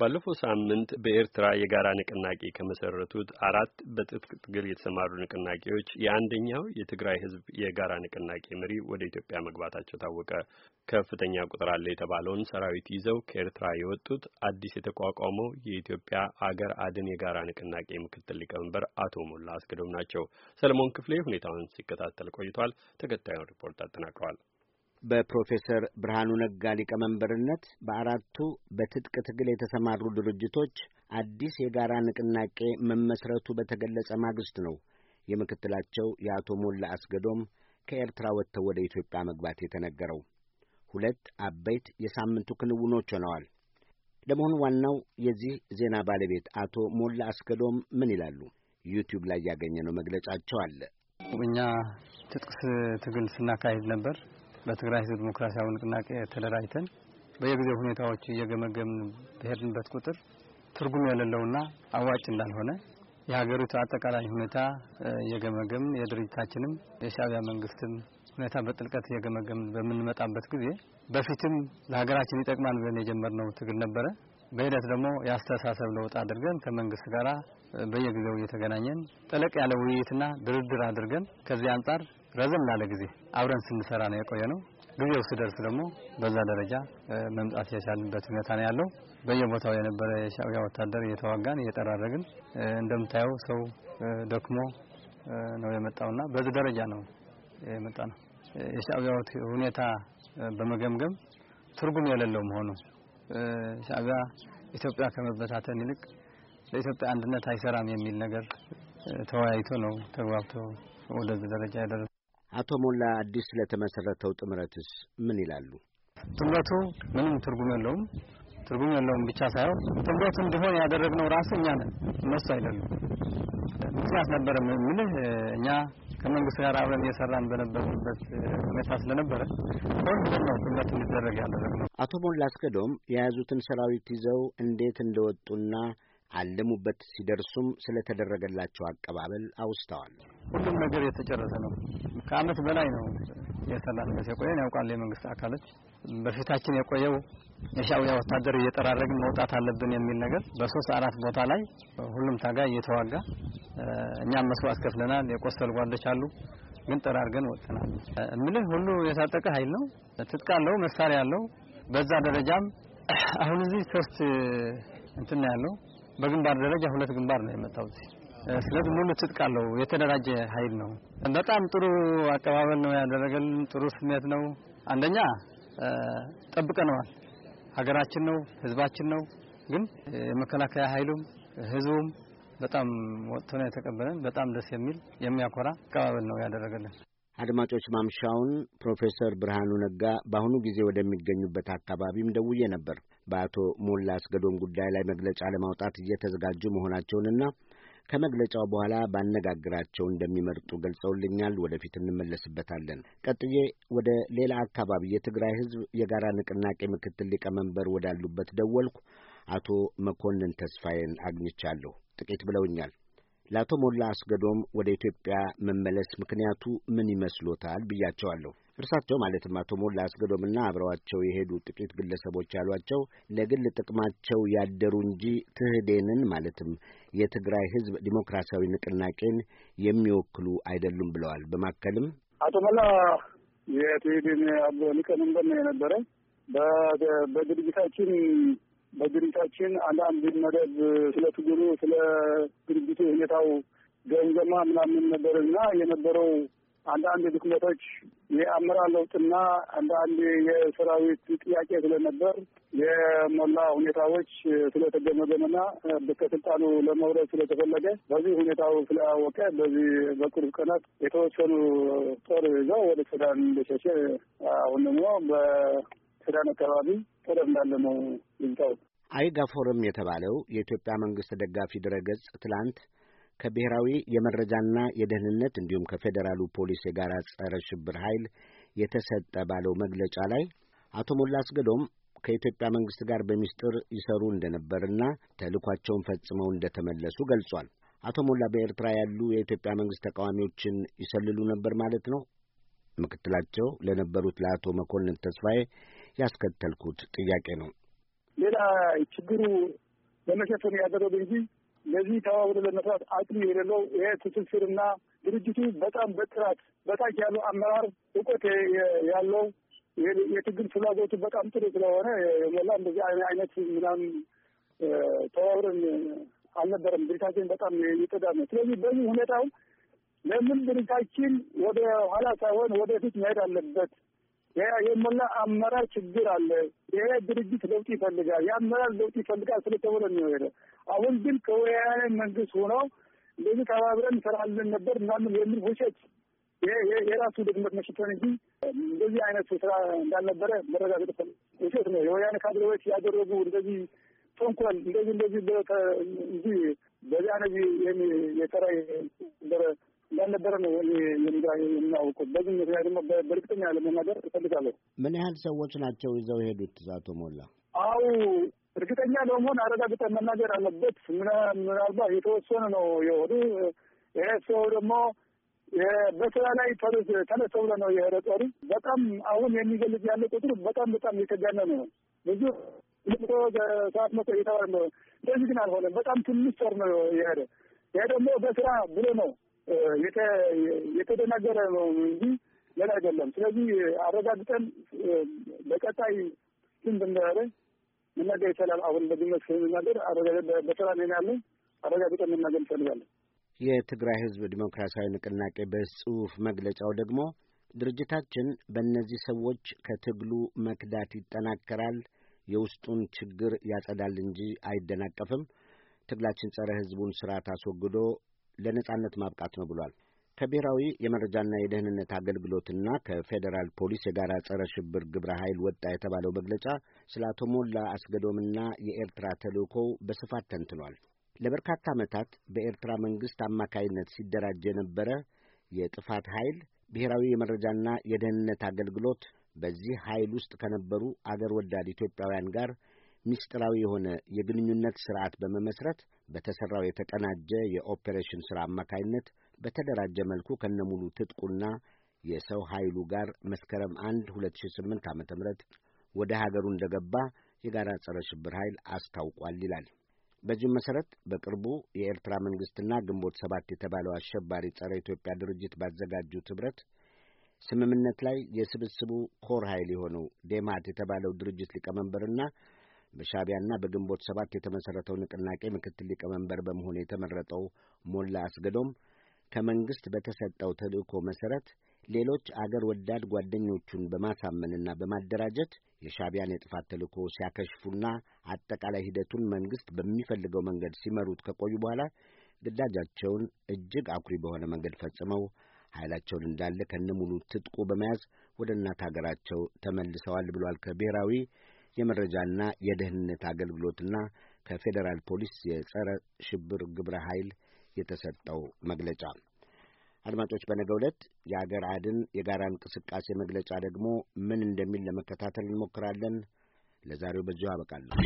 ባለፈው ሳምንት በኤርትራ የጋራ ንቅናቄ ከመሰረቱት አራት በትጥቅ ትግል የተሰማሩ ንቅናቄዎች የአንደኛው የትግራይ ሕዝብ የጋራ ንቅናቄ መሪ ወደ ኢትዮጵያ መግባታቸው ታወቀ። ከፍተኛ ቁጥር አለ የተባለውን ሰራዊት ይዘው ከኤርትራ የወጡት አዲስ የተቋቋመው የኢትዮጵያ አገር አድን የጋራ ንቅናቄ ምክትል ሊቀመንበር አቶ ሞላ አስገዶም ናቸው። ሰለሞን ክፍሌ ሁኔታውን ሲከታተል ቆይቷል። ተከታዩን ሪፖርት አጠናቅረዋል። በፕሮፌሰር ብርሃኑ ነጋ ሊቀመንበርነት በአራቱ በትጥቅ ትግል የተሰማሩ ድርጅቶች አዲስ የጋራ ንቅናቄ መመስረቱ በተገለጸ ማግስት ነው የምክትላቸው የአቶ ሞላ አስገዶም ከኤርትራ ወጥተው ወደ ኢትዮጵያ መግባት የተነገረው። ሁለት አበይት የሳምንቱ ክንውኖች ሆነዋል። ለመሆኑ ዋናው የዚህ ዜና ባለቤት አቶ ሞላ አስገዶም ምን ይላሉ? ዩቲዩብ ላይ ያገኘነው መግለጫቸው አለ። እኛ ትጥቅ ትግል ስናካሄድ ነበር። በትግራይ ህዝብ ዲሞክራሲያዊ ንቅናቄ ተደራጅተን በየጊዜው ሁኔታዎች እየገመገምን በሄድንበት ቁጥር ትርጉም የሌለውና አዋጭ እንዳልሆነ የሀገሪቱ አጠቃላይ ሁኔታ እየገመገምን የድርጅታችንም የሻቢያ መንግስትም ሁኔታ በጥልቀት እየገመገምን በምንመጣበት ጊዜ በፊትም ለሀገራችን ይጠቅማል ብለን የጀመርነው ትግል ነበረ። በሂደት ደግሞ የአስተሳሰብ ለውጥ አድርገን ከመንግስት ጋር በየጊዜው እየተገናኘን ጠለቅ ያለ ውይይትና ድርድር አድርገን ከዚህ አንጻር ረዘም ላለ ጊዜ አብረን ስንሰራ ነው የቆየ ነው። ጊዜው ሲደርስ ደግሞ በዛ ደረጃ መምጣት የቻልንበት ሁኔታ ነው ያለው። በየቦታው የነበረ የሻዕቢያ ወታደር እየተዋጋን እየጠራረግን፣ እንደምታየው ሰው ደክሞ ነው የመጣውና በዚህ ደረጃ ነው የመጣ ነው። የሻዕቢያ ሁኔታ በመገምገም ትርጉም የሌለው መሆኑ ሻዕቢያ ኢትዮጵያ ከመበታተን ይልቅ ለኢትዮጵያ አንድነት አይሰራም የሚል ነገር ተወያይቶ ነው ተግባብቶ ወደዚህ ደረጃ ያደረሰ። አቶ ሞላ አዲስ ስለተመሰረተው ጥምረትስ ምን ይላሉ? ጥምረቱ ምንም ትርጉም የለውም። ትርጉም የለውም ብቻ ሳይሆን ጥምረቱ እንዲሆን ያደረግነው ራሱ እኛ ነን፣ እነሱ አይደሉም። ምክንያት ነበረ ምንህ እኛ ከመንግስት ጋር አብረን እየሰራን በነበርንበት ሁኔታ ስለነበረ ሁን ነው ጥምረት እንዲደረግ ያደረግነው። አቶ ሞላ አስገዶም የያዙትን ሰራዊት ይዘው እንዴት እንደወጡና አለሙበት ሲደርሱም ስለተደረገላቸው አቀባበል አውስተዋል። ሁሉም ነገር የተጨረሰ ነው። ከአመት በላይ ነው የተላለፈ የቆየን ያውቃል። የመንግስት አካሎች በፊታችን የቆየው የሻውያ ወታደር እየጠራረግን መውጣት አለብን የሚል ነገር በሶስት አራት ቦታ ላይ ሁሉም ታጋይ እየተዋጋ እኛም መስዋዕት ከፍለናል። የቆሰሉ ጓዶች አሉ፣ ግን ጠራርገን ወጥናል። እምልህ ሁሉ የታጠቀ ኃይል ነው። ትጥቅ አለው፣ መሳሪያ አለው። በዛ ደረጃም አሁን እዚህ ሶስት እንትና ያለው በግንባር ደረጃ ሁለት ግንባር ነው የመጣው። ስለዚህ ሙሉ ትጥቅ አለው፣ የተደራጀ ኃይል ነው። በጣም ጥሩ አቀባበል ነው ያደረገልን፣ ጥሩ ስሜት ነው። አንደኛ ጠብቀነዋል። ሀገራችን ነው፣ ህዝባችን ነው። ግን የመከላከያ ኃይሉም ህዝቡም በጣም ወጥቶ ነው የተቀበለን። በጣም ደስ የሚል የሚያኮራ አቀባበል ነው ያደረገልን። አድማጮች፣ ማምሻውን ፕሮፌሰር ብርሃኑ ነጋ በአሁኑ ጊዜ ወደሚገኙበት አካባቢም ደውዬ ነበር። በአቶ ሞላ አስገዶም ጉዳይ ላይ መግለጫ ለማውጣት እየተዘጋጁ መሆናቸውንና ከመግለጫው በኋላ ባነጋግራቸው እንደሚመርጡ ገልጸውልኛል። ወደፊት እንመለስበታለን። ቀጥዬ ወደ ሌላ አካባቢ የትግራይ ሕዝብ የጋራ ንቅናቄ ምክትል ሊቀመንበር ወዳሉበት ደወልኩ። አቶ መኮንን ተስፋዬን አግኝቻለሁ። ጥቂት ብለውኛል። ለአቶ ሞላ አስገዶም ወደ ኢትዮጵያ መመለስ ምክንያቱ ምን ይመስሎታል ብያቸዋለሁ። እርሳቸው ማለትም አቶ ሞላ አስገዶምና አብረዋቸው የሄዱ ጥቂት ግለሰቦች ያሏቸው ለግል ጥቅማቸው ያደሩ እንጂ ትህዴንን ማለትም የትግራይ ህዝብ ዲሞክራሲያዊ ንቅናቄን የሚወክሉ አይደሉም ብለዋል። በማከልም አቶ ሞላ የትህዴን አብ ሊቀመንበር ነው የነበረ በድርጅታችን በድርጅታችን አንዳንድ መደብ ስለ ትግሉ ስለ ድርጅቱ ሁኔታው ገምገማ ምናምን ነበር እና የነበረው አንዳንድ ድክመቶች የአመራር ለውጥና አንዳንድ የሰራዊት ጥያቄ ስለነበር የሞላ ሁኔታዎች ስለተገመገመና ከስልጣኑ ለመውረድ ስለተፈለገ በዚህ ሁኔታው ስላወቀ በዚህ በቅርብ ቀናት የተወሰኑ ጦር ይዘው ወደ ሱዳን እንደሸሸ አሁን ደግሞ በሱዳን አካባቢ ጦር እንዳለ ነው ይልታው አይጋፎርም የተባለው የኢትዮጵያ መንግስት ደጋፊ ድረገጽ ትላንት ከብሔራዊ የመረጃና የደህንነት እንዲሁም ከፌዴራሉ ፖሊስ የጋራ ጸረ ሽብር ኃይል የተሰጠ ባለው መግለጫ ላይ አቶ ሞላ አስገዶም ከኢትዮጵያ መንግስት ጋር በሚስጥር ይሰሩ እንደነበርና ተልኳቸውን ፈጽመው እንደተመለሱ ገልጿል። አቶ ሞላ በኤርትራ ያሉ የኢትዮጵያ መንግስት ተቃዋሚዎችን ይሰልሉ ነበር ማለት ነው? ምክትላቸው ለነበሩት ለአቶ መኮንን ተስፋዬ ያስከተልኩት ጥያቄ ነው። ሌላ ችግሩ ለመሸፈን ያደረገ እንጂ ለዚህ ተዋውሎ ለመስራት አቅም የሌለው ይሄ ትስስርና ድርጅቱ በጣም በጥራት በታች ያለው አመራር እውቀት ያለው የትግል ፍላጎቱ በጣም ጥሩ ስለሆነ የሞላ እንደዚህ አይነት ምናምን ተዋውረን አልነበረም። ድርጅታችን በጣም ይጠዳ ነው። ስለዚህ በዚህ ሁኔታው ለምን ድርጅታችን ወደ ኋላ ሳይሆን ወደፊት መሄድ አለበት የሞላ አመራር ችግር አለ። ይሄ ድርጅት ለውጥ ይፈልጋል፣ የአመራር ለውጥ ይፈልጋል ስለተብሎ ነው ሄደ። አሁን ግን ከወያነ መንግስት ሆነው እንደዚህ ተባብረን እንሰራለን ነበር ምናምን የሚል ውሸት የራሱ ድግመት መሽቶን እንጂ እንደዚህ አይነት ስራ እንዳልነበረ መረጋገጥ ፈል ውሸት ነው። የወያነ ካድሬዎች ያደረጉ እንደዚህ ተንኮል እንደዚህ እንደዚህ እንጂ በዚያ ነዚህ የተራ እንዳልነበረ ነው የሚያውቁት። በዚህ ምክንያት ደግሞ በእርግጠኛ ለመናገር እፈልጋለሁ። ምን ያህል ሰዎች ናቸው ይዘው ሄዱት? አቶ ሞላ አው እርግጠኛ ለመሆን አረጋግጠ መናገር አለበት። ምናልባት የተወሰነ ነው የሆኑ ይሄ ሰው ደግሞ በስራ ላይ ተነስቶ ብሎ ነው የሄደ ጦሩ በጣም አሁን የሚገልጽ ያለ ቁጥሩ በጣም በጣም የተጋነ ነው። ብዙ ልምቶ ሰዓት መቶ እየተባለ ነው። እንደዚህ ግን አልሆነም። በጣም ትንሽ ጦር ነው የሄደ። ይሄ ደግሞ በስራ ብሎ ነው የተደናገረ ነው እንጂ ምን አይደለም። ስለዚህ አረጋግጠን በቀጣይ ግን ብንደረ መናገር ይቻላል። አሁን በግመት ስንናገር በሰላም ና ያለ አረጋግጠን መናገር እንፈልጋለን። የትግራይ ሕዝብ ዲሞክራሲያዊ ንቅናቄ በጽሁፍ መግለጫው ደግሞ ድርጅታችን በእነዚህ ሰዎች ከትግሉ መክዳት ይጠናከራል፣ የውስጡን ችግር ያጸዳል እንጂ አይደናቀፍም። ትግላችን ጸረ ሕዝቡን ስርዓት አስወግዶ ለነጻነት ማብቃት ነው ብሏል። ከብሔራዊ የመረጃና የደህንነት አገልግሎትና ከፌዴራል ፖሊስ የጋራ ጸረ ሽብር ግብረ ኃይል ወጣ የተባለው መግለጫ ስለ አቶ ሞላ አስገዶምና የኤርትራ ተልእኮው በስፋት ተንትኗል። ለበርካታ ዓመታት በኤርትራ መንግሥት አማካይነት ሲደራጅ የነበረ የጥፋት ኃይል ብሔራዊ የመረጃና የደህንነት አገልግሎት በዚህ ኃይል ውስጥ ከነበሩ አገር ወዳድ ኢትዮጵያውያን ጋር ምስጢራዊ የሆነ የግንኙነት ስርዓት በመመስረት በተሠራው የተቀናጀ የኦፔሬሽን ሥራ አማካይነት በተደራጀ መልኩ ከነሙሉ ትጥቁና የሰው ኃይሉ ጋር መስከረም 1 2008 ዓ.ም ወደ ሀገሩ እንደገባ የጋራ ጸረ ሽብር ኃይል አስታውቋል ይላል። በዚሁም መሠረት በቅርቡ የኤርትራ መንግሥትና ግንቦት ሰባት የተባለው አሸባሪ ጸረ ኢትዮጵያ ድርጅት ባዘጋጁት ኅብረት ስምምነት ላይ የስብስቡ ኮር ኃይል የሆነው ዴማት የተባለው ድርጅት ሊቀመንበርና በሻቢያና በግንቦት ሰባት የተመሠረተው ንቅናቄ ምክትል ሊቀመንበር በመሆን የተመረጠው ሞላ አስገዶም ከመንግሥት በተሰጠው ተልእኮ መሠረት ሌሎች አገር ወዳድ ጓደኞቹን በማሳመንና በማደራጀት የሻቢያን የጥፋት ተልእኮ ሲያከሽፉና አጠቃላይ ሂደቱን መንግሥት በሚፈልገው መንገድ ሲመሩት ከቆዩ በኋላ ግዳጃቸውን እጅግ አኩሪ በሆነ መንገድ ፈጽመው ኃይላቸውን እንዳለ ከነሙሉ ትጥቁ በመያዝ ወደ እናት አገራቸው ተመልሰዋል ብሏል። ከብሔራዊ የመረጃና የደህንነት አገልግሎትና ከፌዴራል ፖሊስ የጸረ ሽብር ግብረ ኃይል የተሰጠው መግለጫ። አድማጮች፣ በነገ ዕለት የአገር አድን የጋራ እንቅስቃሴ መግለጫ ደግሞ ምን እንደሚል ለመከታተል እንሞክራለን። ለዛሬው በዚሁ አበቃለሁ።